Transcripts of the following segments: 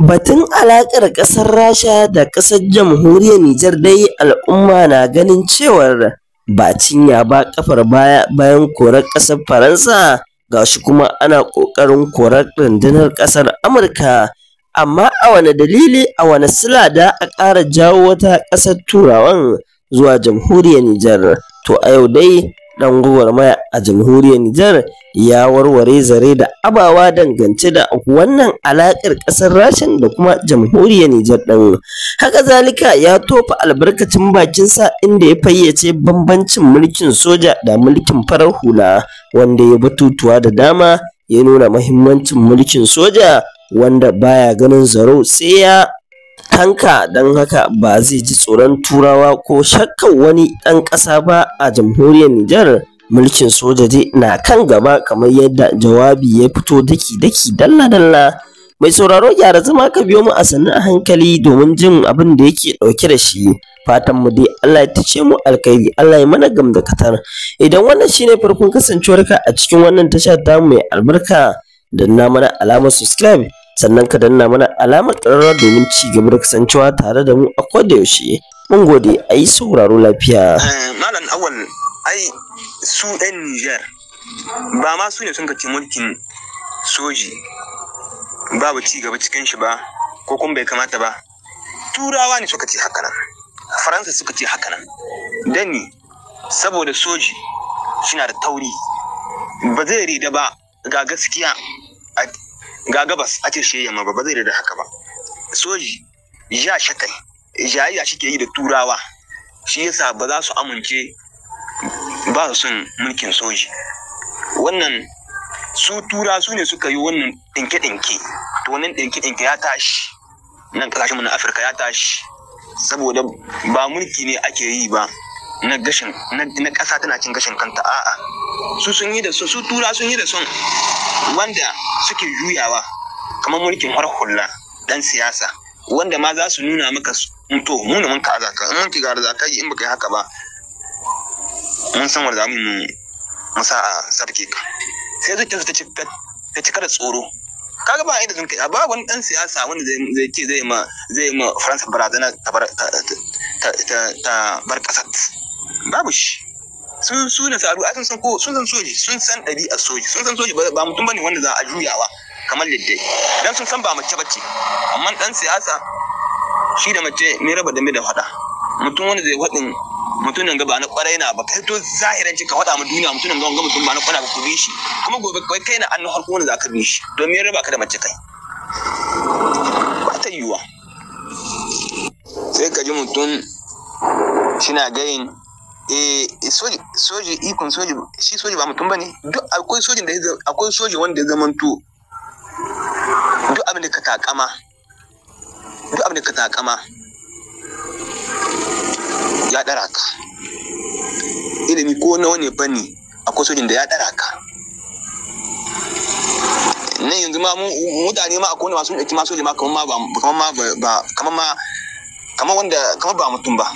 Batun alaƙar ƙasar Rasha da ƙasar Jamhuriyar Nijar dai al'umma na ganin cewar ba cinya ba ƙafar baya bayan korar ƙasar Faransa ga shi kuma ana ƙoƙarin korar rundunar ƙasar Amurka. Amma a wane dalili a wane sila da a ƙara jawo wata ƙasar Turawan zuwa Jamhuriyar Nijar? To a yau dai dan gwagwarmaya a jamhuriyar Nijar ya warware zare da abawa dangance da wannan alakar kasar Rashin da kuma jamhuriyar Nijar din. Haka zalika ya tofa albarkacin bakin sa inda ya fayyace bambancin mulkin soja da mulkin farar hula wanda ya batutuwa da dama ya nuna muhimmancin mulkin soja wanda baya ganin zaro sai ya Tanka don haka ba zai ji tsoron Turawa ko shakkar wani ɗan ƙasa ba a jamhuriyar Nijar. Mulkin soja dai na kan gaba kamar yadda jawabi ya fito daki-daki dalla-dalla. Mai sauraro gyara zama ka biyo mu a sannan a hankali domin jin abin da yake ɗauke da shi. fatan mu dai Allah ya tace mu alkhairi Allah ya mana gamda katar idan wannan shine farkon kasancewarka a cikin wannan tasha ta mai albarka na mana alamar subscribe sannan ka danna mana alamar ƙararrawa domin ci gaba da kasancewa tare da mu a koda yaushe mun gode a yi sauraro lafiya eh, malam awal ai su ɗan nijar ba ma su ne sun kaci mulkin soji babu ci gaba cikin shi ba ko kuma bai kamata ba turawa ne suka ce haka nan faransa suka ce haka nan dani saboda soji suna da tauri ba zai rida ba ga gaskiya ga gabas a ce shi yamma ba zai da haka ba soji ya shakai yi shi ke yi da turawa shi yasa ba za su amince ba su son mulkin soji wannan su tura su ne suka yi wannan dinke dinke to wannan dinke dinke ya tashi nan ƙasashen mu na afirka ya tashi saboda ba mulki ne ake yi ba na gashin na ƙasa tana cin gashin kanta a'a su sun yi da su tura sun yi da son wanda suke juyawa kamar mulkin harhulla dan siyasa wanda ma za su nuna maka to mu ne mun ka azaka mun ki ga azaka in baka yi haka ba mun san wanda zamu mu musa a sarki ka sai zuciyarsu ta cika ta cika da tsoro kaga ba inda zunka ba wani dan siyasa wanda zai ce zai ma zai ma Faransa barazana ta bar kasar babu shi sun su da tsaro a san ko sun san soji sun san a soji sun san soji ba mutum bane wanda za a juyawa kamar lidde dan sun san ba mace bace amma dan siyasa shi da mace mai raba da mai da fada mutum wanda zai wadin mutum ga ba na kwarai na ba kai to zahiran ka wada mu duniya mutum nan ga wanga mutum ba na kwarai ba ku bi shi kuma gobe kai kai na an harko wanda za ka bi shi don mai raba ka da mace kai ba ta yiwuwa sai ka ji mutum shi na gayin Eh, soji soji ikon soji shi soji ba mutum bane duk akwai sojin da akwai soji wanda ya zamanto duk abin da ka takama duk abin da ka takama ya dara ka ilimi ko nawa ne bane akwai sojin da ya dara ka nan yanzu ma mutane ma akwai masu ɗauki soji ma kamar ma ba kamar ma kamar wanda kamar ba mutum ba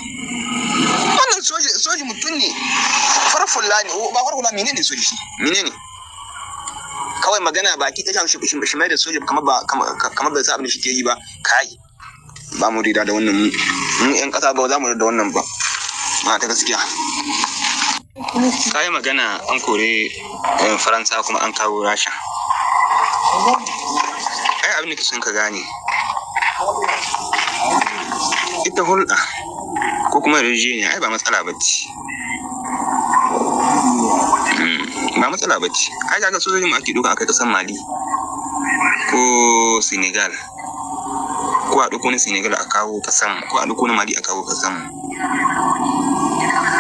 soji mutum ne farfulla ne ba farfulla ne soji shi ne? kawai magana ba ki shafi shi mai da soji kamar ba kamar bai sa abin da shi ke yi ba kai ba mu rida da wannan mu yan kasa ba za mu da wannan ba ma ta gaskiya kayi magana an kore eh, faransa kuma an kawo rasha ai abin da ka gane ita hulɗa ko kuma yarjejeniya ai ba matsala ba ce hmm, ba matsala ba ce ai kaga sojojin mu ake duka akai kasan mali ko senegal ko a ɗauko na senegal a kawo kasan ko a ɗauko na mali a kawo kasan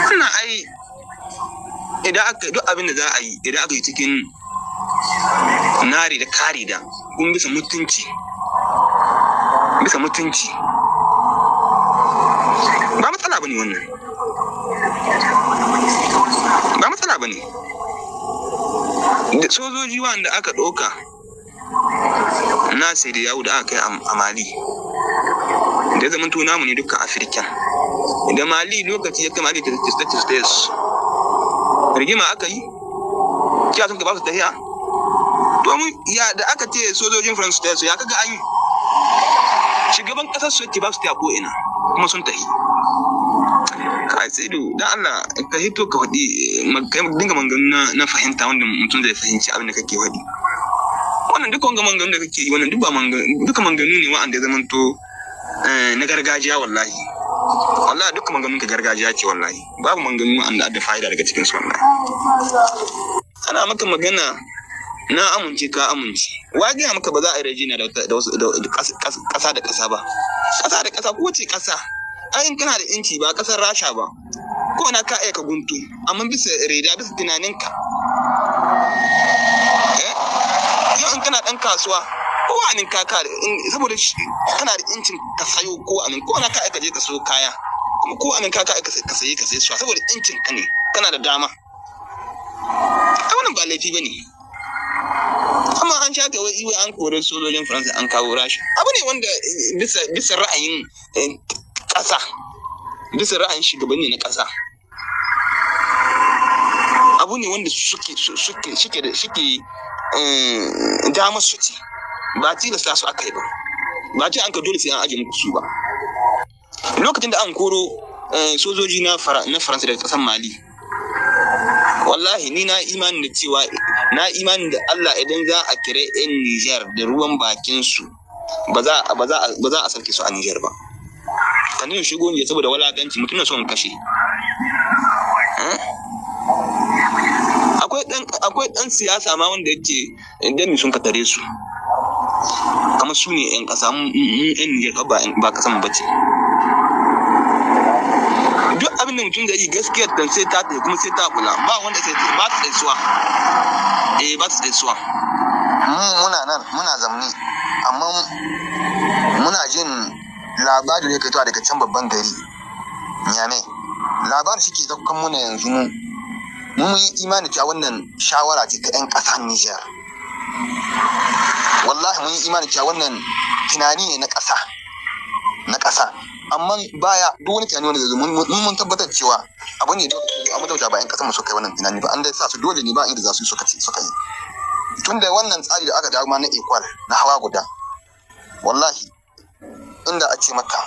wannan ai idan aka duk abin da za a yi idan aka yi cikin nare da kare da kun bisa mutunci bisa mutunci bane wannan ba matsala bane da sojoji wanda aka ɗauka na sai da yawo da aka kai a mali da zaman tuna mu ne dukkan afirka da mali lokaci ya kama da status rigima aka yi kiya sun ka ba su tahiya domin ya da aka ce sojojin france ta ya kaga an yi shugaban kasar su yake ba su ta ko ina kuma sun tahi Sa'idu dan Allah ka hito ka faɗi dinga manganu na fahimta wanda mutum zai fahimci abin da kake faɗi. Wannan duka wanga manganu da kake yi wannan duka manganu ne wa'anda ya zamanto eh, na gargajiya wallahi. Wallahi duka manganun ka gargajiya ce wallahi. Babu manganu wa'anda adda fa'ida daga cikin su wallahi. Ana maka magana na amince ka amince wa gaya maka ba za a yi rajina da kasa da kasa ba Kasa da kasa ko ce kasa? ai kana da inci ba kasar rasha ba ko na ka aika guntu amma bisa reda bisa tunaninka eh? yau in kana dan kasuwa ko anin kaka saboda kana da incin ka sayo ko anin ko na ka aika je ka sayo kaya kuma ko anin kaka aika ka sayi ka sayi shi saboda incin ka ne kana da dama ai wannan ba laifi bane amma an shafe wai iwai an kore sojojin faransa an kawo rasha abu ne wanda eh, bisa ra'ayin eh, ƙasa bisa ra'ayin shugabanni na ƙasa abu ne wanda suke suke suke suke eh, dama su ce ba tilasta su aka yi ba ba ce an ka dole sai an aje muku su ba lokacin da an koro eh, sojoji na faransa daga ƙasar mali wallahi ni na imanin da cewa na imanin da Allah idan za a kira 'yan Nijar da ruwan bakin su ba za a sarki su a Nijar ba. ka nuna shigo ne saboda walaganci mutum na son kashe akwai ɗan siyasa ma wanda yake dan sun tare su kamar su ne 'yan ƙasa 'yan Nijar ba ƙasan ba ce. Duk abin da mutum zai yi gaskiyar ta sai ta tafi kuma sai ta kula ba wanda sai ta ba ta tsaisuwa. Eh ba ta tsaisuwa. Mu muna nan muna zamani amma muna jin labari ne kai to daga can babban gari nyame labari shi ke zakkan muna yanzu mu mun yi imani cewa wannan shawara ce ta 'yan ƙasar Nijar. Wallahi mun yi imani cewa wannan tunani ne na ƙasa, na ƙasa. Amma baya duk wani tunani wanda zai mun mun tabbatar cewa abu ne da amma da ba 'yan ƙasar mu suka yi wannan tunani ba an dai sa su dole ne ba inda za su suka ce suka yi. Tun da wannan tsari da aka dawo ma na ekwal na hawa guda. Wallahi inda a ce maka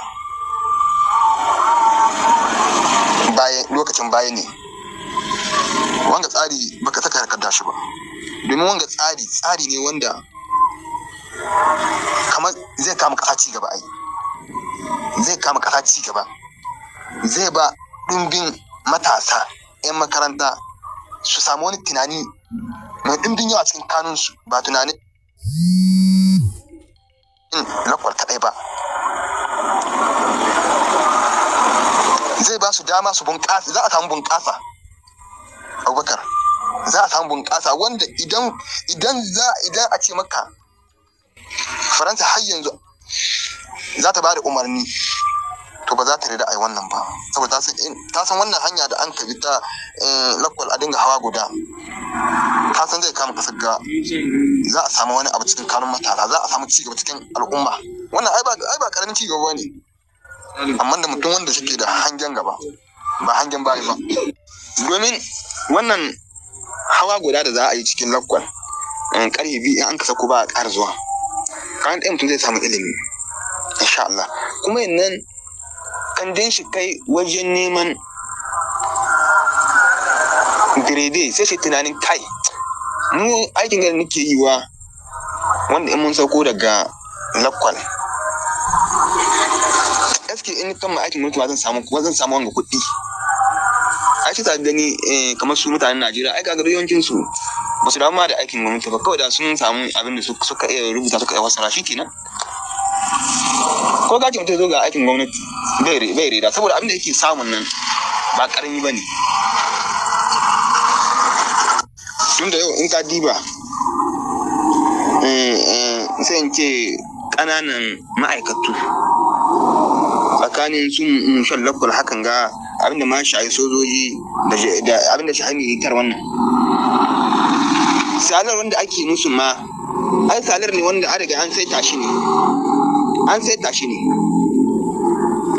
lokacin baya ne wanga tsari baka saka takarda shi ba domin wanga tsari tsari ne wanda kamar zai kama kasa ci gaba ai zai kama kasa ci gaba zai ba ɗumbin matasa 'yan makaranta su samu wani tunani mai ɗumbin yawa cikin kanunsu ba tunanin hmm. lakwal kadai ba zai ba su dama su bunƙasa za a samu bunƙasa abubakar za a samu bunƙasa wanda idan idan za idan a ce maka faransa har yanzu za ta ba da umarni to ba za ta rida ai wannan ba saboda ta san wannan hanya da an kabi ta eh, lakwal a dinga hawa guda ta san zai kama kasar ga za a samu wani abu cikin kanun matasa za a samu cigaba cikin al'umma wannan ai ba karamin cigaba ne amma da mutum wanda suke da hangen gaba ba hangen baya ba domin wannan hawa guda da za a yi cikin lakwal eh, karfe biyu in an kasa ko ba a ƙara zuwa kan ɗaya mutum zai samu ilimi insha Allah kuma yannan kan shi kai wajen neman direde sai shi tunanin kai mu aikin gani nake yi wa wanda in mun sauko daga lakwal gaske in kan ma aikin gwamnati ma zan samu kuma zan samu wanga kuɗi a ce ta gani eh, kamar su mutanen najeriya ai kaga yawancin su ba su damu da aikin gwamnati ba kawai da sun samu abin da suka iya rubuta suka iya wasara shi kenan ko gaji mutum zo ga aikin gwamnati bai rida saboda abin da yake samun nan ba karami ba ne tun da yau in ka diba eh, eh, sai in ce ƙananan ma'aikatu tsakanin su shan lafal hakan ga abinda ma shahi sojoji da abinda hanyar yitar wannan salar wanda ake musu ma ai salar ne wanda an riga an saita shi ne an sai tashi ne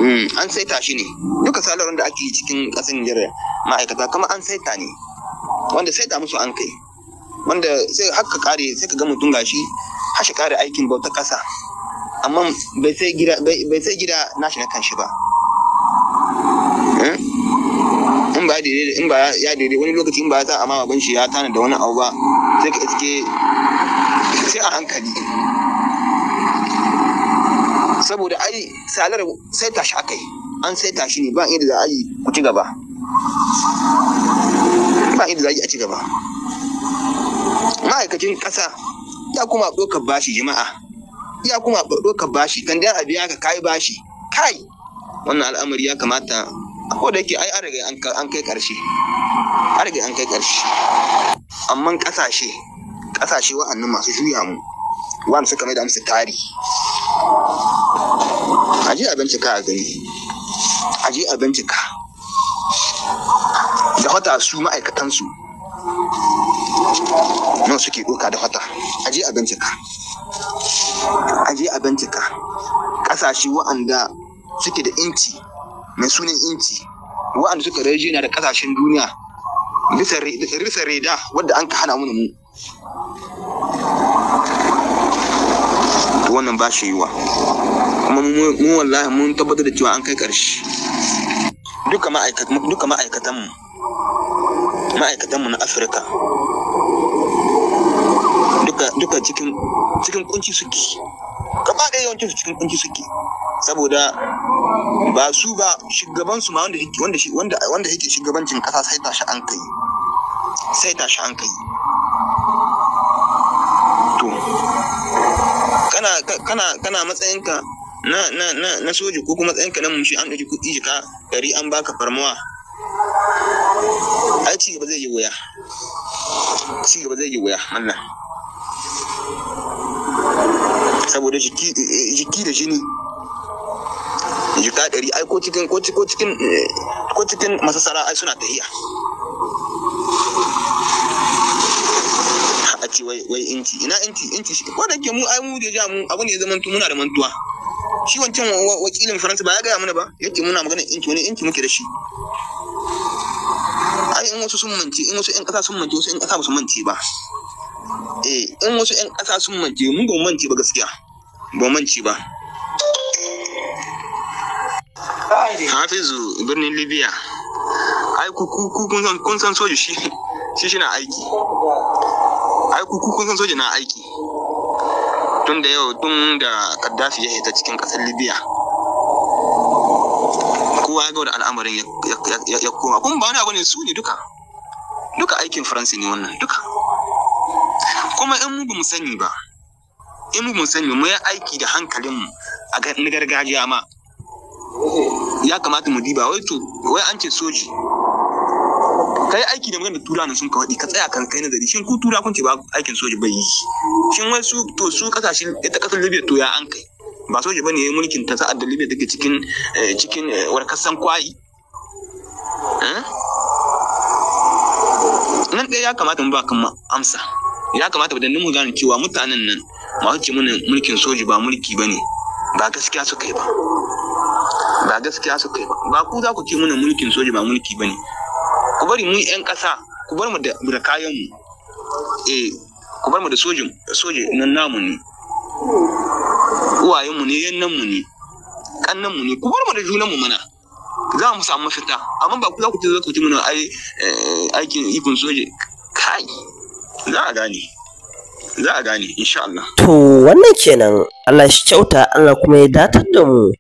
hmm, an sai tashi ne duka salar wanda ake cikin ƙasar Nijar ma'aikata kama an saita ne wanda sai ta musu an kai wanda sai haka kare sai ka ga mutum gashi hashe kare aikin bautar ƙasa amma bai sai gida bai sai gida nashi na kanshi ba eh? in ba in ba ya daidai wani lokaci in ba ya sa amma baban shi ya tana da wani abu ba sai ka iske sai a hankali saboda ai salar sai tashi akai an sai tashi ne ba inda za a yi ku ci gaba ba inda za a yi a ci gaba ma'aikacin ƙasa ya kuma ɗaukar bashi jama'a iya kuma ka bashi kan a abiya ka kai bashi kai wannan al'amari ya kamata ko da yake ai an riga an kai ƙarshe an riga an kai ƙarshe amma ƙasashe ƙasashe wa'annan masu juya mu wa'anda suka mai da amsa tari aje a bincika a gani Aje a bincika da hota su ma'aikatansu nan suke doka da hota? Aje a bincika a je a bincika ƙasashe wa'anda suke da inci mai sunan inci wa'anda suka na da ƙasashen duniya bisa reda wadda an ka hana mu mu wannan ba shi yiwa kuma mu wallahi mun tabbatar da cewa an kai ƙarshe duka Ma'aikatan ma'aikatanmu na afirka duka duka cikin cikin kunci suke gaba ɗaya yawanci su cikin kunci suke saboda ba su ba shugaban su ma wanda wanda wanda wanda yake shugabancin kasa sai tashi an kai sai tashi an kai to kana kana kana matsayinka na na na na soji ko kuma matsayinka na mushi an ɗauki kuɗi jika dari an baka farmawa ai ci gaba zai yi wuya ci gaba zai yi wuya Allah saboda jiki da jini jika ɗari ai ko cikin ko cikin ko cikin masasara ai suna tahiya a ce wai wai inci ina inci inci ko da ke mu ai mu da ja mu abu ne zaman muna da mantuwa shi wancan wakilin faransa ba ya gaya mana ba yake muna magana inci wani inci muke da shi ai in wasu sun mance in wasu 'yan ƙasa sun mance wasu 'yan ƙasa ba su mance ba eh in wasu 'yan ƙasa sun mance mun ba mance ba gaskiya ba mance ba hafizu birnin libya ai kun san soji shi shi shi na aiki ai kun san soji na aiki tun da yau tun da kaddafi ya hita cikin ƙasar libya kowa ya ga al'amarin ya koma kun ba wani abu ne su ne duka duka aikin faransa ne wannan duka kuma in mu bamu sani ba in mu bamu sani mu yi aiki da hankalinmu a na gargajiya ma ya kamata mu diba wai to wai an ce soji kai aiki da maganar tura sun ka ka tsaya kan kai nazari shin ku tura kun ce ba aikin soji bai yi shin wai su to su kasashen ita kasar libya to ya an kai ba soji bane yayin mulkin ta sa'ad da libya take cikin eh, cikin eh, warkasan kwai eh? nan ɗaya ya kamata mu ba kan amsa ya kamata badannin mu gane cewa mutanen nan masu ce mana mulkin soji ba mulki ba ne ba gaskiya suka yi ba ba gaskiya suka yi ba ba ku za ku ce mana mulkin soji ba mulki ba ne ku bari mu 'yan ƙasa ku bar mu da kayan mu eh ku bar mu da sojin soje nan namu ne uwayen mu ne nan mu ne kannan mu ne ku bar mu da junan mu mana za mu samu mafita amma ba ku za ku ce za ku ci mana eh, aikin ikon soje kai za a gane za a gane insha Allah to wannan kenan Allah shi kyauta Allah kuma ya datar da mu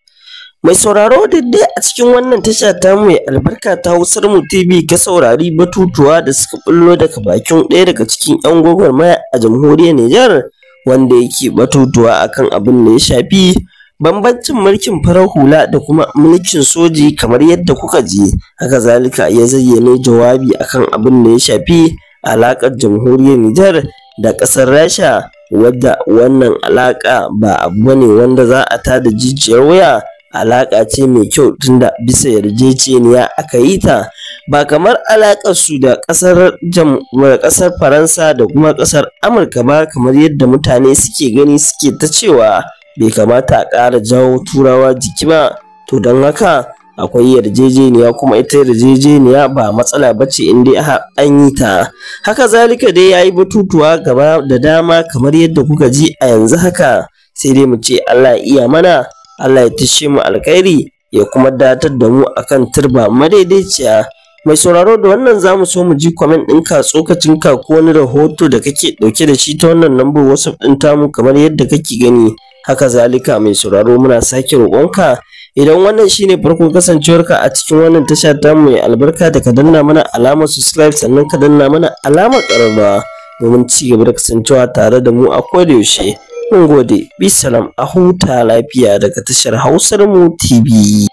mai sauraro daidai a cikin wannan tasha ta mai albarka ta hausar mu tv ka saurari batutuwa da suka bullo daga bakin ɗaya daga cikin yan gwagwarmaya a jamhuriyar nijar wanda yake batutuwa akan abin da ya shafi bambancin mulkin farar hula da kuma mulkin soji kamar yadda kuka ji haka zalika ya zayyane jawabi akan abin da ya shafi alaƙar jamhuriyar Nijar da ƙasar Rasha wadda wannan alaƙa ba abu bane wanda za a tada jijiyar waya, alaƙa ce mai kyau tunda bisa yarjejeniya aka yi ta ba kamar alaƙar su da ƙasar ƙasar Faransa da kuma ƙasar Amurka ba kamar yadda mutane suke gani suke ta cewa bai kamata a ƙara jawo turawa jiki ba to don haka akwai yarjejeniya kuma ita yarjejeniya ba matsala bace in dai an yi ta haka zalika dai yayi batutuwa gaba da dama kamar yadda kuka ji a yanzu haka sai dai mu ce Allah ya iya mana Allah ya tishe mu alkhairi ya kuma datar da mu akan turba madaidaiciya mai sauraro da wannan za mu so mu ji kwamen ɗinka tsokacin ka ko wani rahoto da kake ɗauke da shi ta wannan lambar whatsapp ɗin tamu kamar yadda kake gani haka zalika mai sauraro muna sake roƙonka Idan wannan shine farko kasancewarka a cikin wannan tasha ta mai albarka da ka danna mana alamar subscribe sannan ka danna mana alamar ƙararrawa domin ci gaba da kasancewa tare da mu a kodayaushe. Mun gode, bisalam a huta lafiya daga tashar Hausar mu TV.